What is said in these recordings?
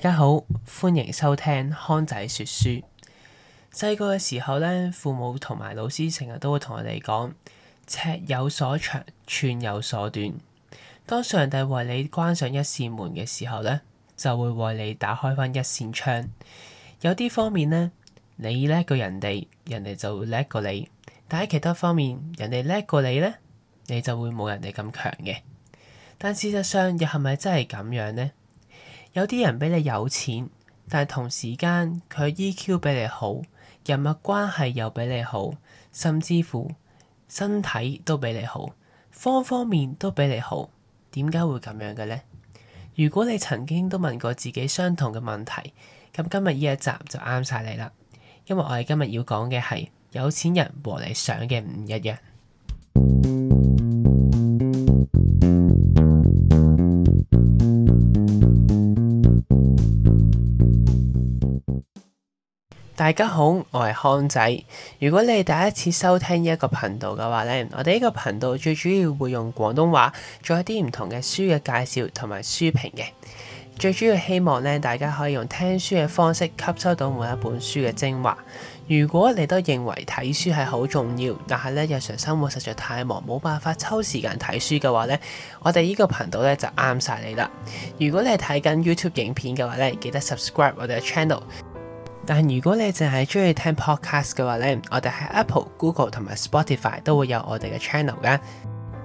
大家好，歡迎收聽康仔說書。細個嘅時候咧，父母同埋老師成日都會同我哋講：尺有所長，寸有所短。當上帝為你關上一扇門嘅時候咧，就會為你打開翻一扇窗。有啲方面咧，你叻過人哋，人哋就會叻過你；但喺其他方面，人哋叻過你咧，你就會冇人哋咁強嘅。但事實上，又係咪真係咁樣咧？有啲人比你有錢，但係同時間佢 EQ 比你好，人脈關係又比你好，甚至乎身體都比你好，方方面面都比你好，點解會咁樣嘅呢？如果你曾經都問過自己相同嘅問題，咁今日呢一集就啱晒你啦，因為我哋今日要講嘅係有錢人和你想嘅唔一樣。 大家好，我係康仔。如果你第一次收聽呢一個頻道嘅話呢，我哋呢個頻道最主要會用廣東話，做一啲唔同嘅書嘅介紹同埋書評嘅。最主要希望咧，大家可以用聽書嘅方式吸收到每一本書嘅精華。如果你都認為睇書係好重要，但係咧日常生活實在太忙，冇辦法抽時間睇書嘅話呢，我哋呢個頻道咧就啱晒你啦。如果你係睇緊 YouTube 影片嘅話咧，記得 subscribe 我哋嘅 channel。但如果你淨係中意聽 podcast 嘅話呢，我哋喺 Apple、Google 同埋 Spotify 都會有我哋嘅 channel 噶。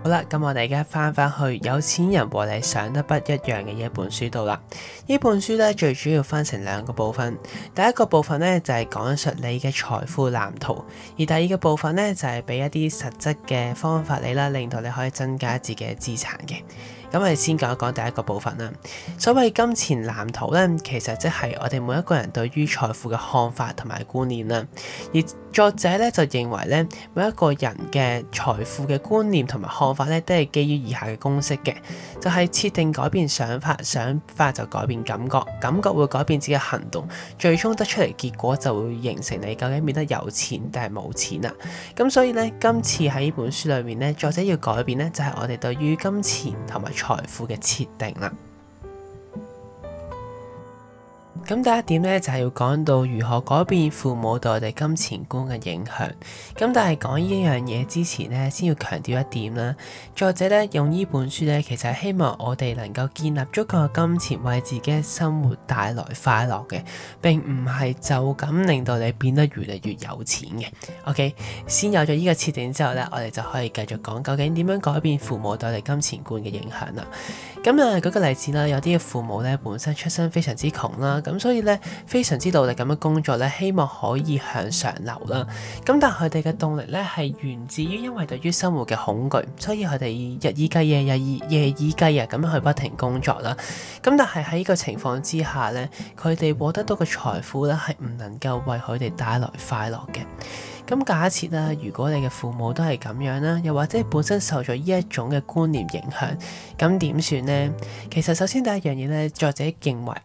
好啦，咁我哋而家翻翻去有錢人和你想得不一樣嘅一本書度啦。呢本書呢，最主要分成兩個部分，第一個部分呢，就係講述你嘅財富藍圖，而第二個部分呢，就係俾一啲實質嘅方法你啦，令到你可以增加自己嘅資產嘅。咁我哋先講一講第一個部分啦。所謂金錢藍圖呢，其實即係我哋每一個人對於財富嘅看法同埋觀念啦。而作者呢，就認為呢，每一個人嘅財富嘅觀念同埋看法呢，都係基於以下嘅公式嘅，就係設定改變想法，想法就改變感覺，感覺會改變自己行動，最終得出嚟結果就會形成你究竟變得有錢定係冇錢啦。咁所以呢，今次喺本書裏面呢，作者要改變呢，就係我哋對於金錢同埋財富嘅設定啦。咁第一點咧，就係要講到如何改變父母對我哋金錢觀嘅影響。咁但係講呢樣嘢之前咧，先要強調一點啦。作者咧，用呢本書咧，其實係希望我哋能夠建立足夠嘅金錢，為自己嘅生活帶來快樂嘅，並唔係就咁令到你變得越嚟越有錢嘅。OK，先有咗呢個設定之後咧，我哋就可以繼續講究竟點樣改變父母對我哋金錢觀嘅影響啦。咁啊，舉個例子啦，有啲父母咧本身出身非常之窮啦，咁。所以咧，非常之努力咁樣工作咧，希望可以向上流啦。咁但佢哋嘅動力咧，係源自於因為對於生活嘅恐懼，所以佢哋日以繼夜、日以夜以繼日咁樣去不停工作啦。咁但係喺呢個情況之下咧，佢哋獲得到嘅財富咧，係唔能夠為佢哋帶來快樂嘅。咁假設啦，如果你嘅父母都係咁樣啦，又或者本身受咗呢一種嘅觀念影響，咁點算呢？其實首先第一樣嘢咧，作者認為。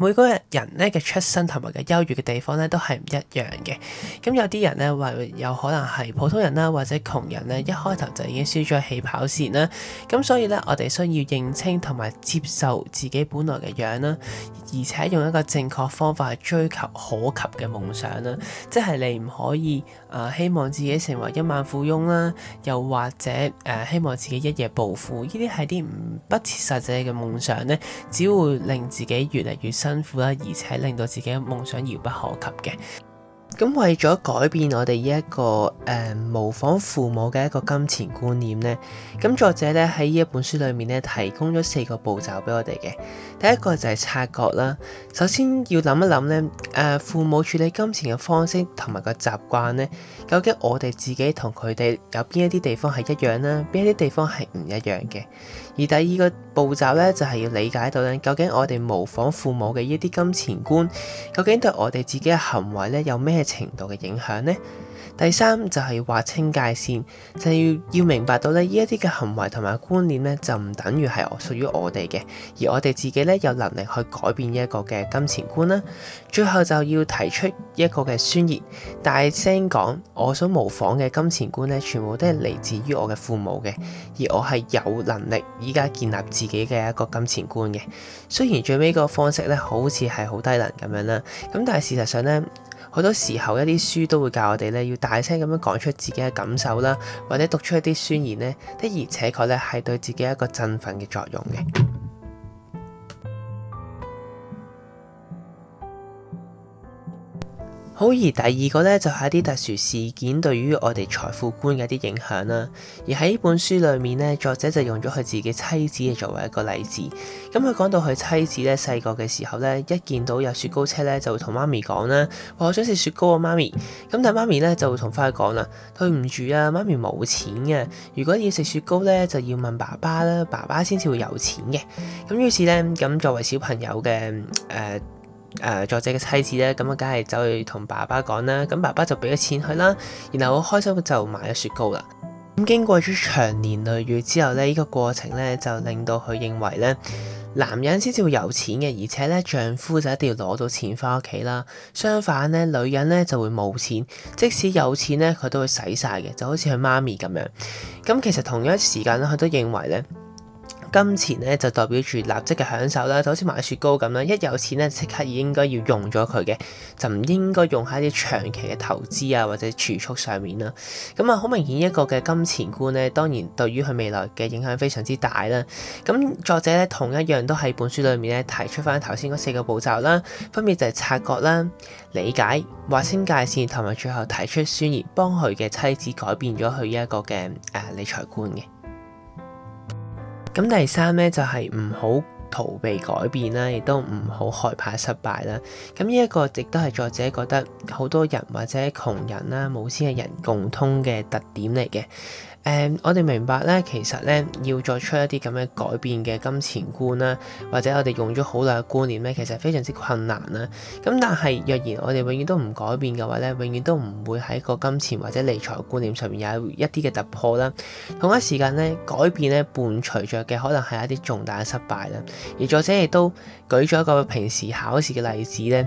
每個人咧嘅出身同埋嘅優越嘅地方咧都係唔一樣嘅，咁有啲人咧話有可能係普通人啦，或者窮人咧，一開頭就已經輸咗起跑線啦，咁所以咧，我哋需要認清同埋接受自己本來嘅樣啦，而且用一個正確方法去追求可及嘅夢想啦，即係你唔可以誒希望自己成為一萬富翁啦，又或者誒希望自己一夜暴富，呢啲係啲唔不切實際嘅夢想咧，只會令自己越嚟越～辛苦啦，而且令到自己嘅夢想遙不可及嘅。咁為咗改變我哋呢一個誒、呃、模仿父母嘅一個金錢觀念呢，咁作者咧喺呢一本書裏面咧提供咗四個步驟俾我哋嘅。第一個就係察覺啦，首先要諗一諗呢，誒，父母處理金錢嘅方式同埋個習慣呢，究竟我哋自己同佢哋有邊一啲地方係一樣啦，邊一啲地方係唔一樣嘅。而第二個步驟呢，就係、是、要理解到呢，究竟我哋模仿父母嘅依啲金錢觀，究竟對我哋自己嘅行為呢有咩？程度嘅影響咧。第三就係要劃清界線，就係要要明白到呢依一啲嘅行為同埋觀念呢，就唔等於係我屬於我哋嘅，而我哋自己呢，有能力去改變呢一個嘅金錢觀啦。最後就要提出一個嘅宣言，大聲講我所模仿嘅金錢觀呢，全部都係嚟自於我嘅父母嘅，而我係有能力依家建立自己嘅一個金錢觀嘅。雖然最尾個方式呢，好似係好低能咁樣啦，咁但係事實上呢。好多時候，一啲書都會教我哋咧，要大聲咁樣講出自己嘅感受啦，或者讀出一啲宣言呢。的而且確咧係對自己一個振奮嘅作用嘅。好，而第二個咧就係一啲特殊事件對於我哋財富觀嘅一啲影響啦。而喺呢本書裏面咧，作者就用咗佢自己妻子作為一個例子。咁佢講到佢妻子咧細個嘅時候咧，一見到有雪糕車咧，就會同媽咪講啦：我想食雪糕啊，媽咪。咁但係媽咪咧就會同翻佢講啦：，對唔住啊，媽咪冇錢嘅。如果要食雪糕咧，就要問爸爸啦，爸爸先至會有錢嘅。咁於是咧，咁作為小朋友嘅誒。呃誒、呃、作者嘅妻子咧，咁啊，梗係走去同爸爸講啦，咁爸爸就俾咗錢佢啦，然後好開心就買咗雪糕啦。咁經過咗長年累月之後咧，呢、呢個過程咧就令到佢認為咧，男人先至會有錢嘅，而且咧丈夫就一定要攞到錢翻屋企啦。相反咧，女人咧就會冇錢，即使有錢咧，佢都會使晒嘅，就好似佢媽咪咁樣。咁其實同一時間咧，佢都認為咧，金錢咧就代表住立即嘅享受啦，就好似買雪糕咁啦，一有錢咧即刻而應該要用咗佢嘅，就唔應該用喺啲長期嘅投資啊或者儲蓄上面啦。咁啊，好明顯一個嘅金錢觀咧，當然對於佢未來嘅影響非常之大啦。咁作者咧同一樣都喺本書裏面咧提出返頭先嗰四個步驟啦，分別就係察覺啦、理解、劃清界線同埋最後提出宣言，幫佢嘅妻子改變咗佢呢一個嘅誒、啊、理財觀嘅。咁第三咧就係唔好逃避改變啦，亦都唔好害怕失敗啦。咁呢一個亦都係作者覺得好多人或者窮人啦、冇錢嘅人共通嘅特點嚟嘅。誒、嗯，我哋明白咧，其實咧要作出一啲咁樣改變嘅金錢觀啦，或者我哋用咗好耐嘅觀念咧，其實非常之困難啦。咁但係若然我哋永遠都唔改變嘅話咧，永遠都唔會喺個金錢或者理財觀念上面有一啲嘅突破啦。同一時間咧，改變咧伴隨着嘅可能係一啲重大嘅失敗啦。而作者亦都舉咗一個平時考試嘅例子咧。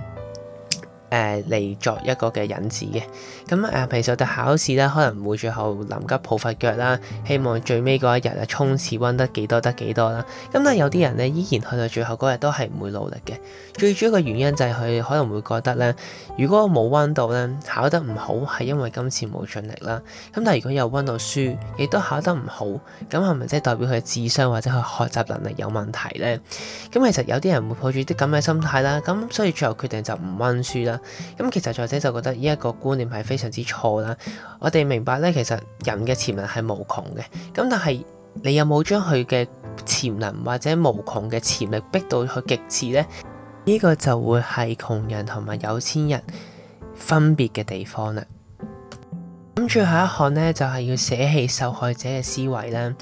誒嚟、嗯、作一個嘅引子嘅，咁誒平時我哋考試啦，可能唔會最後臨急抱佛腳啦，希望最尾嗰一日啊，衝刺温得幾多得幾多啦。咁但係有啲人咧，依然去到最後嗰日都係唔會努力嘅。最主要嘅原因就係佢可能會覺得咧，如果冇温到咧，考得唔好係因為今次冇盡力啦。咁但係如果有温到書，亦都考得唔好，咁係咪即係代表佢嘅智商或者佢學習能力有問題咧？咁、嗯、其實有啲人會抱住啲咁嘅心態啦，咁所以最後決定就唔温書啦。咁其實作者就覺得呢一個觀念係非常之錯啦。我哋明白咧，其實人嘅潛能係無窮嘅。咁但係你有冇將佢嘅潛能或者無窮嘅潛力逼到去極致呢？呢個就會係窮人同埋有錢人分別嘅地方啦。咁最後一項咧，就係、是、要捨棄受害者嘅思維啦。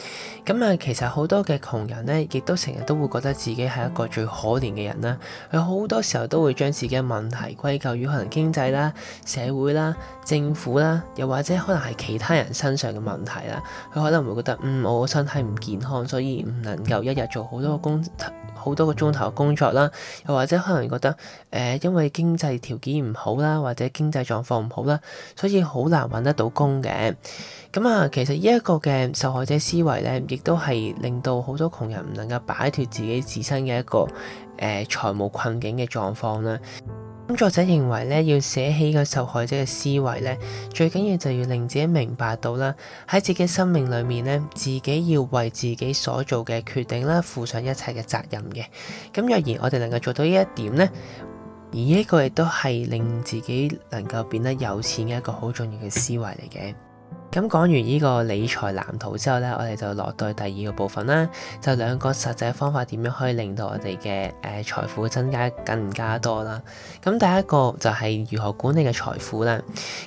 咁、嗯、啊，其實好多嘅窮人咧，亦都成日都會覺得自己係一個最可憐嘅人啦。佢好多時候都會將自己嘅問題歸咎於可能經濟啦、社會啦、政府啦，又或者可能係其他人身上嘅問題啦。佢可能會覺得，嗯，我個身體唔健康，所以唔能夠一日做好多個工，好多個鐘頭工作啦。又或者可能覺得，誒、呃，因為經濟條件唔好啦，或者經濟狀況唔好啦，所以好難揾得到。老公嘅，咁啊、嗯，其實呢一個嘅受害者思維呢，亦都係令到好多窮人唔能夠擺脫自己自身嘅一個誒財、呃、務困境嘅狀況啦。工、嗯、作者認為呢，要捨棄個受害者嘅思維呢，最緊要就要令自己明白到啦，喺自己生命裏面呢，自己要為自己所做嘅決定啦，負上一切嘅責任嘅。咁、嗯、若然我哋能夠做到呢一點呢。而呢個亦都係令自己能夠變得有錢嘅一個好重要嘅思維嚟嘅。咁講完呢個理財藍圖之後呢，我哋就落到第二個部分啦，就兩個實際方法點樣可以令到我哋嘅誒財富增加更加多啦。咁第一個就係如何管理嘅財富啦。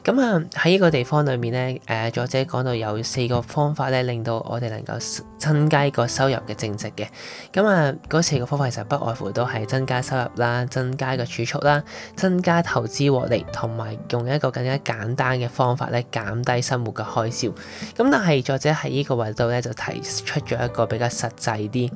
咁啊喺呢個地方裏面呢，誒作者講到有四個方法咧，令到我哋能夠增加個收入嘅正值嘅。咁啊嗰四個方法其實就不外乎都係增加收入啦、增加個儲蓄啦、增加投資獲利、同埋用一個更加簡單嘅方法咧減低生活嘅。開咁但係作者喺呢個位度咧，就提出咗一個比較實際啲，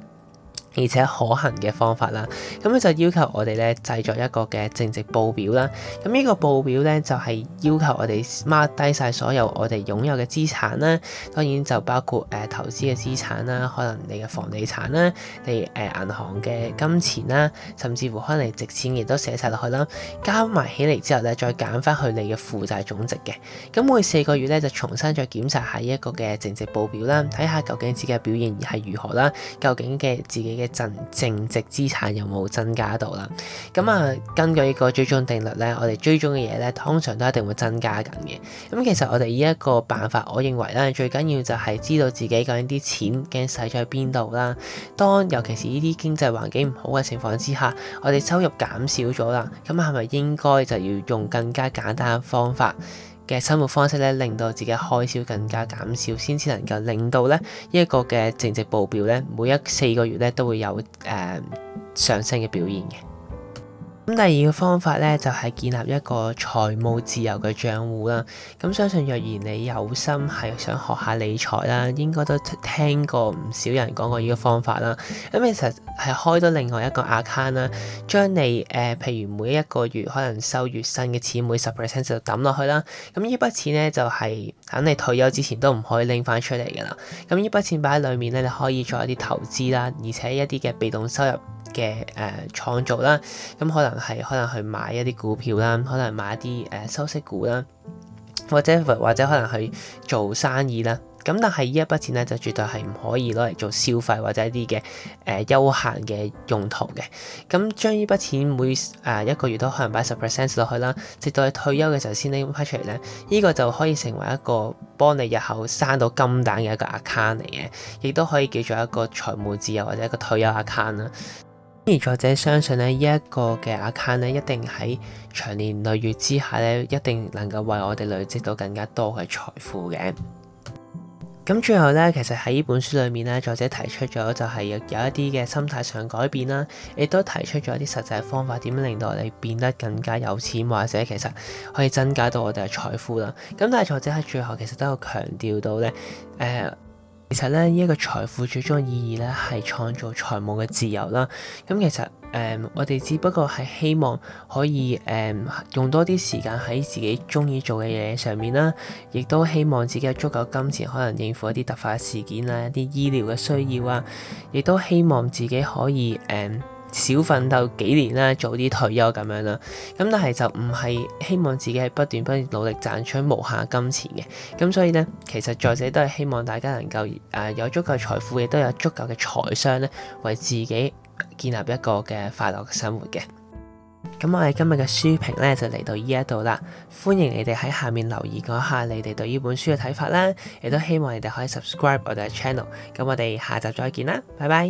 而且可行嘅方法啦，咁咧就要求我哋咧製作一個嘅淨值報表啦。咁呢個報表咧就係、是、要求我哋 mark 低晒所有我哋擁有嘅資產啦，當然就包括誒、呃、投資嘅資產啦，可能你嘅房地產啦，你誒銀行嘅金錢啦，甚至乎可能值錢亦都寫晒落去啦，加埋起嚟之後咧再減翻佢你嘅負債總值嘅。咁每四個月咧就重新再檢查一下呢一個嘅淨值報表啦，睇下究竟自己嘅表現係如何啦，究竟嘅自己。嘅淨淨值資產有冇增加到啦？咁、嗯、啊，根據呢個追蹤定律咧，我哋追蹤嘅嘢咧，通常都一定會增加緊嘅。咁、嗯、其實我哋呢一個辦法，我認為咧，最緊要就係知道自己究竟啲錢驚使咗喺邊度啦。當尤其是呢啲經濟環境唔好嘅情況之下，我哋收入減少咗啦，咁係咪應該就要用更加簡單嘅方法嘅生活方式咧，令到自己開銷更加減少，先至能夠令到咧一個嘅淨值報表咧，每一四個月咧都會有誒、呃、上升嘅表現嘅。咁第二個方法咧，就係、是、建立一個財務自由嘅賬戶啦。咁、嗯、相信若然你有心係想學下理財啦，應該都聽過唔少人講過呢個方法啦。咁、嗯、其實係開咗另外一個 account 啦，將你誒譬、呃、如每一個月可能收月薪嘅錢，每十 percent 就抌落去啦。咁、嗯、呢筆錢咧就係、是、等你退休之前都唔可以拎翻出嚟㗎喇。咁呢筆錢擺喺裡面咧，你可以做一啲投資啦，而且一啲嘅被動收入。嘅誒、呃、創造啦，咁可能係可能去買一啲股票啦，可能買一啲誒、呃、收息股啦，或者或者可能去做生意啦，咁但係呢一筆錢咧就絕對係唔可以攞嚟做消費或者一啲嘅誒休閒嘅用途嘅，咁將呢筆錢每誒一個月都可能擺十 percent 落去啦，直到你退休嘅時候先拎翻出嚟咧，呢、呢個就可以成為一個幫你日後生到金蛋嘅一個 account 嚟嘅，亦都可以叫做一個財務自由或者一個退休 account 啦。而作者相信咧，呢一個嘅 account 咧，一定喺長年累月之下咧，一定能夠為我哋累積到更加多嘅財富嘅。咁最後咧，其實喺呢本書裏面咧，作者提出咗就係有一啲嘅心態上改變啦，亦都提出咗一啲實際嘅方法，點樣令到你變得更加有錢，或者其實可以增加到我哋嘅財富啦。咁但係作者喺最後其實都有強調到咧，誒、呃。其實咧，呢一個財富最終嘅意義咧，係創造財務嘅自由啦。咁、嗯、其實誒、呃，我哋只不過係希望可以誒、呃，用多啲時間喺自己中意做嘅嘢上面啦。亦都希望自己有足夠金錢，可能應付一啲突發事件啊，一啲醫療嘅需要啊。亦都希望自己可以誒、呃少奮鬥幾年啦，早啲退休咁樣啦。咁但係就唔係希望自己係不斷不斷努力賺取無限金錢嘅。咁所以呢，其實作者都係希望大家能夠誒、呃、有足夠財富，亦都有足夠嘅財商咧，為自己建立一個嘅快樂嘅生活嘅。咁我哋今日嘅書評咧就嚟到呢一度啦。歡迎你哋喺下面留言講下你哋對呢本書嘅睇法啦，亦都希望你哋可以 subscribe 我哋嘅 channel。咁我哋下集再見啦，拜拜。